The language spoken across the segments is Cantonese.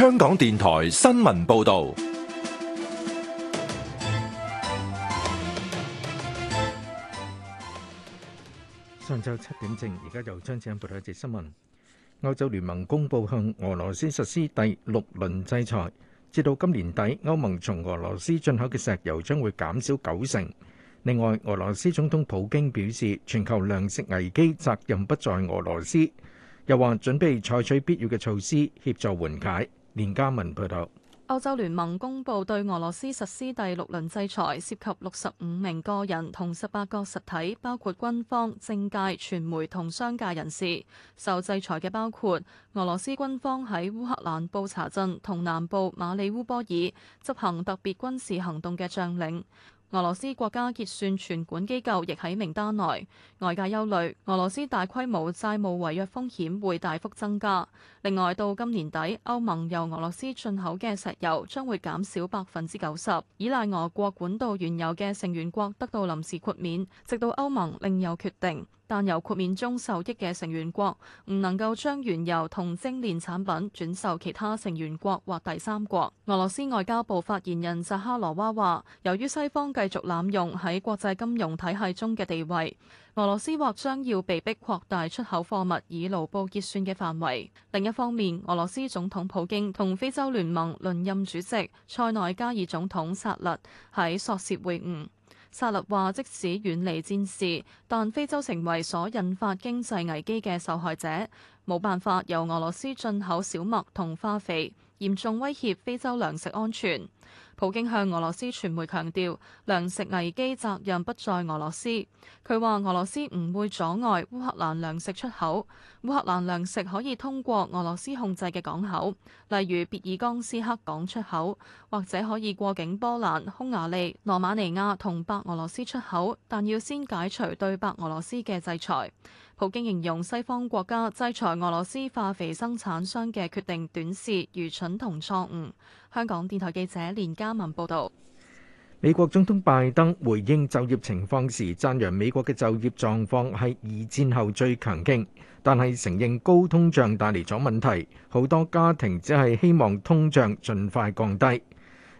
香港電台新聞報道。上晝七點正，而家又將請播一節新聞。歐洲聯盟公布向俄羅斯實施第六輪制裁，至到今年底，歐盟從俄羅斯進口嘅石油將會減少九成。另外，俄羅斯總統普京表示，全球糧食危機責任不在俄羅斯，又話準備採取必要嘅措施協助緩解。連家文報道，歐洲聯盟公布對俄羅斯實施第六輪制裁，涉及六十五名個人同十八個實體，包括軍方、政界、傳媒同商界人士。受制裁嘅包括俄羅斯軍方喺烏克蘭布查鎮同南部馬里烏波爾執行特別軍事行動嘅將領。俄羅斯國家結算存管機構亦喺名單內，外界憂慮俄羅斯大規模債務違約風險會大幅增加。另外，到今年底，歐盟由俄羅斯進口嘅石油將會減少百分之九十，依賴俄國管道原油嘅成員國得到臨時豁免，直到歐盟另有決定。但由豁免中受益嘅成員國唔能夠將原油同精煉產品轉售其他成員國或第三國。俄羅斯外交部發言人扎哈羅娃話，由於西方繼續濫用喺國際金融體系中嘅地位，俄羅斯或將要被迫擴大出口貨物以盧布結算嘅範圍，另一方面，俄羅斯總統普京同非洲聯盟輪任主席塞內加爾總統薩勒喺索契會晤。薩勒話：即使遠離戰事，但非洲成為所引發經濟危機嘅受害者，冇辦法由俄羅斯進口小麥同化肥，嚴重威脅非洲糧食安全。普京向俄羅斯傳媒強調，糧食危機責任不在俄羅斯。佢話：俄羅斯唔會阻礙烏克蘭糧食出口，烏克蘭糧食可以通過俄羅斯控制嘅港口，例如別爾江斯克港出口，或者可以過境波蘭、匈牙利、羅馬尼亞同白俄羅斯出口，但要先解除對白俄羅斯嘅制裁。普京形容西方國家制裁俄羅斯化肥生產商嘅決定短視、愚蠢同錯誤。香港電台記者連嘉文報道，美國總統拜登回應就業情況時，讚揚美國嘅就業狀況係二戰後最強勁，但係承認高通脹帶嚟咗問題，好多家庭只係希望通脹盡快降低。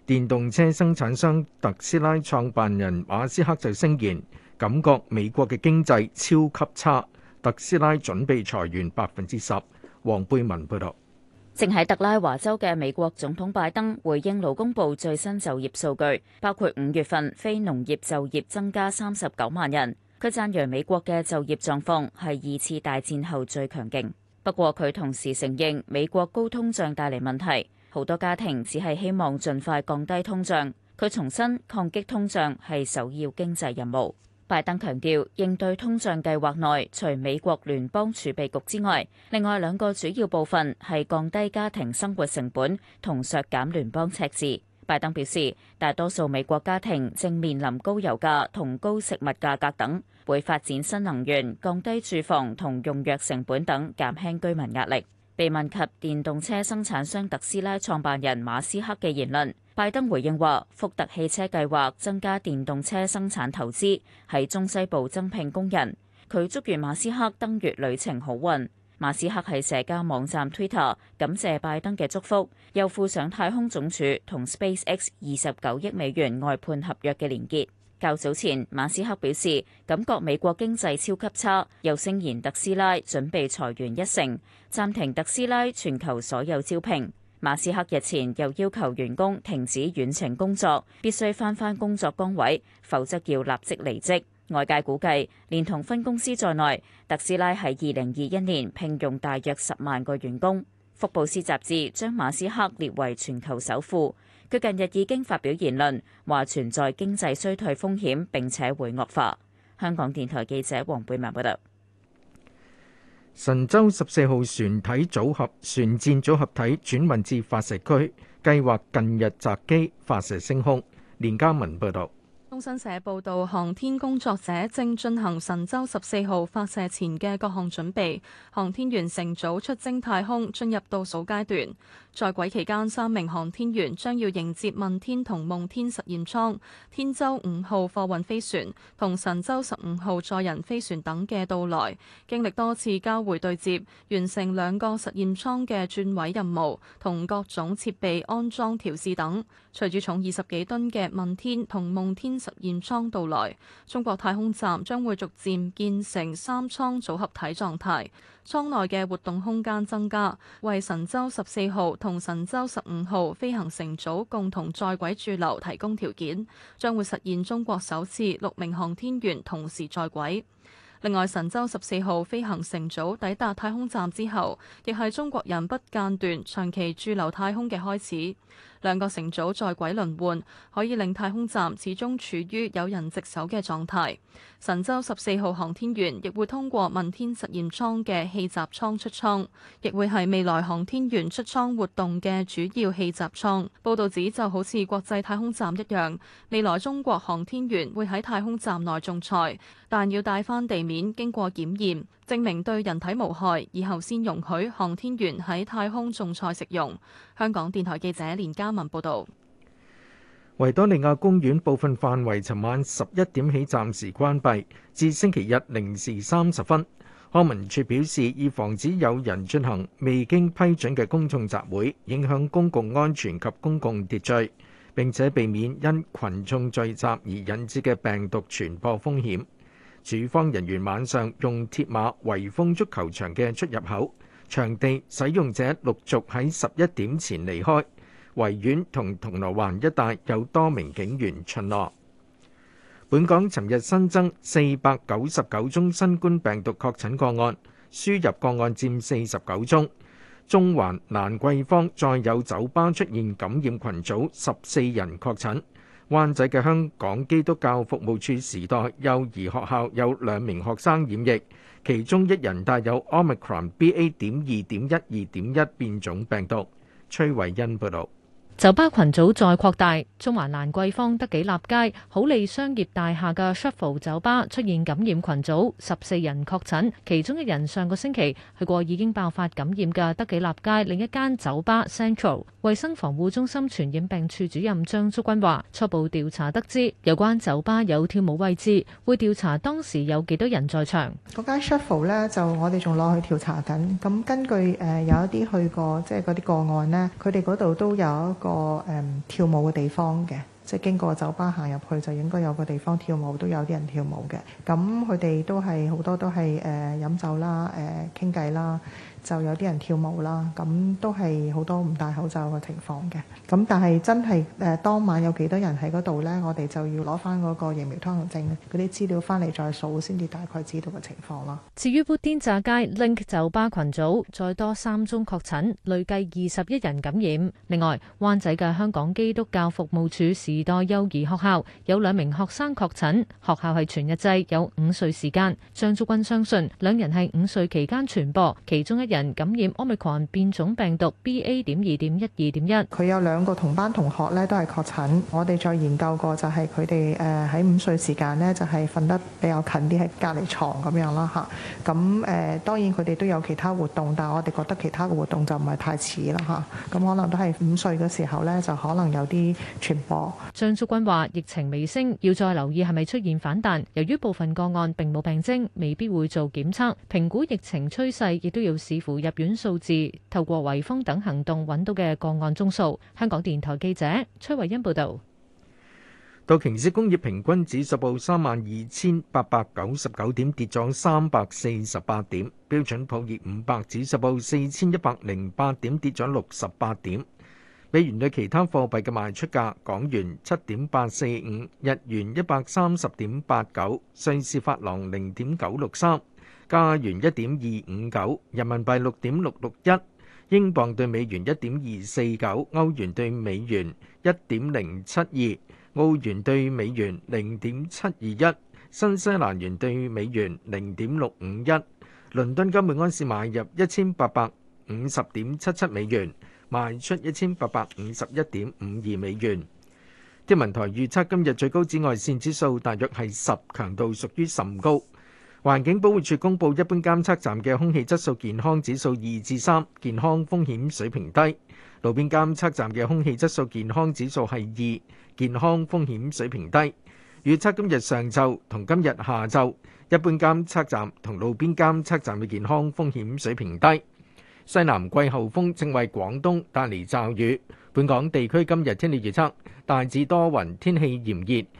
電動車生產商特斯拉創辦人馬斯克就聲言，感覺美國嘅經濟超級差。特斯拉準備裁員百分之十。黃貝文報導，正喺特拉華州嘅美國總統拜登回應勞工部最新就業數據，包括五月份非農業就業增加三十九萬人。佢讚揚美國嘅就業狀況係二次大戰後最強勁，不過佢同時承認美國高通脹帶嚟問題，好多家庭只係希望盡快降低通脹。佢重申抗擊通脹係首要經濟任務。拜登強調，應對通脹計劃內除美國聯邦儲備局之外，另外兩個主要部分係降低家庭生活成本同削減聯邦赤字。拜登表示，大多數美國家庭正面臨高油價同高食物價格等，會發展新能源、降低住房同用藥成本等，減輕居民壓力。被問及電動車生產商特斯拉創辦人馬斯克嘅言論，拜登回應話：福特汽車計劃增加電動車生產投資，喺中西部增聘工人。佢祝願馬斯克登月旅程好運。馬斯克喺社交網站推特感謝拜登嘅祝福，又附上太空總署同 SpaceX 二十九億美元外判合約嘅連結。較早前，馬斯克表示感覺美國經濟超級差，又聲言特斯拉準備裁員一成，暫停特斯拉全球所有招聘。馬斯克日前又要求員工停止遠程工作，必須翻翻工作崗位，否則要立即離職。外界估計，連同分公司在內，特斯拉喺二零二一年聘用大約十萬個員工。福布斯雜誌將馬斯克列為全球首富。佢近日已經發表言論，話存在經濟衰退風險並且會惡化。香港電台記者黃貝文報道。神舟十四號船體組合、船箭組合體轉運至發射區，計劃近日擇機發射升空。連家文報道。中新社報道，航天工作者正進行神舟十四號發射前嘅各項準備，航天員乘組出征太空，進入倒數階段。在軌期間，三名航天員將要迎接問天同夢天實驗艙、天舟五號貨運飛船同神舟十五號載人飛船等嘅到來，經歷多次交會對接，完成兩個實驗艙嘅轉位任務同各種設備安裝調試等。隨住重二十幾噸嘅問天同夢天實驗艙到來，中國太空站將會逐漸建成三艙組合體狀態，艙內嘅活動空間增加，為神舟十四號同神舟十五號飛行乘組共同在軌駐留提供條件，將會實現中國首次六名航天員同時在軌。另外，神舟十四號飛行乘組抵達太空站之後，亦係中國人不間斷長期駐留太空嘅開始。兩個乘組在軌輪換，可以令太空站始終處於有人值守嘅狀態。神舟十四號航天員亦會通過問天實驗艙嘅氣閘艙出艙，亦會係未來航天員出艙活動嘅主要氣閘艙。報導指，就好似國際太空站一樣，未來中國航天員會喺太空站內種菜，但要帶返地面經過檢驗。證明對人體無害，以後先容許航天員喺太空種菜食用。香港電台記者連嘉文報導。維多利亞公園部分範圍尋晚十一點起暫時關閉，至星期日零時三十分。康文署表示，以防止有人進行未經批准嘅公眾集會，影響公共安全及公共秩序，並且避免因羣眾聚集而引致嘅病毒傳播風險。署方人員晚上用鐵馬圍封足球場嘅出入口，場地使用者陸續喺十一點前離開。維園同銅鑼灣一帶有多名警員巡邏。本港尋日新增四百九十九宗新冠病毒確診個案，輸入個案佔四十九宗。中環蘭桂坊再有酒吧出現感染群組，十四人確診。灣仔嘅香港基督教服務處時代幼兒學校有兩名學生染疫，其中一人帶有 Omicron BA. 點二點一二點一變種病毒。崔慧欣報導。酒吧群組再擴大，中環蘭桂坊德己立街好利商業大廈嘅 shuffle 酒吧出現感染群組，十四人確診，其中一人上個星期去過已經爆發感染嘅德己立街另一間酒吧 Central。衛生防護中心傳染病處主任張竹君話：初步調查得知，有關酒吧有跳舞位置，會調查當時有幾多人在場。嗰間 shuffle 呢，就我哋仲落去調查緊，咁根據誒、呃、有一啲去過即係嗰啲個案呢，佢哋嗰度都有一個。個誒、嗯、跳舞嘅地方嘅，即係經過酒吧行入去就應該有個地方跳舞，都有啲人跳舞嘅。咁佢哋都係好多都係誒飲酒啦，誒傾偈啦。就有啲人跳舞啦，咁都係好多唔戴口罩嘅情況嘅。咁但係真係誒、呃、當晚有幾多人喺嗰度咧？我哋就要攞翻嗰個疫苗通行證咧，嗰啲資料翻嚟，再數先至大概知道嘅情況啦。至於砵甸乍街 Link 酒吧群組再多三宗確診，累計二十一人感染。另外，灣仔嘅香港基督教服務處時代幼兒學校有兩名學生確診，學校係全日制，有午睡時間，張竹君相信兩人係午睡期間傳播，其中一。人感染 Omicron 變種病毒 BA. 點二點一二點一，佢有兩個同班同學咧都係確診，我哋再研究過就係佢哋誒喺午睡時間咧就係瞓得比較近啲喺隔離床咁樣啦吓，咁誒當然佢哋都有其他活動，但係我哋覺得其他嘅活動就唔係太似啦吓，咁可能都係午睡嘅時候咧就可能有啲傳播。張竹君話疫情未升，要再留意係咪出現反彈？由於部分個案並冇病徵未必會做檢測，評估疫情趨勢亦都要視。乎入院數字，透過圍封等行動揾到嘅個案宗數。香港電台記者崔慧欣報道。道瓊斯工業平均指數報三萬二千八百九十九點，跌咗三百四十八點。標準普爾五百指數報四千一百零八點，跌咗六十八點。美元兌其他貨幣嘅賣出價：港元七點八四五，日元一百三十點八九，瑞士法郎零點九六三。加元一點二五九，人民幣六點六六一，英鎊對美元一點二四九，歐元對美元一點零七二，澳元對美元零點七二一，新西蘭元對美元零點六五一。倫敦金每安士買入一千八百五十點七七美元，賣出一千八百五十一點五二美元。天文台預測今日最高紫外線指數大約係十，強度屬於甚高。環境保護署公布，一般監測站嘅空氣質素健康指數二至三，健康風險水平低；路邊監測站嘅空氣質素健康指數係二，健康風險水平低。預測今日上晝同今日下晝，一般監測站同路邊監測站嘅健康風險水平低。西南季候風正為廣東帶嚟驟雨，本港地區今日天氣預測大致多雲，天氣炎熱。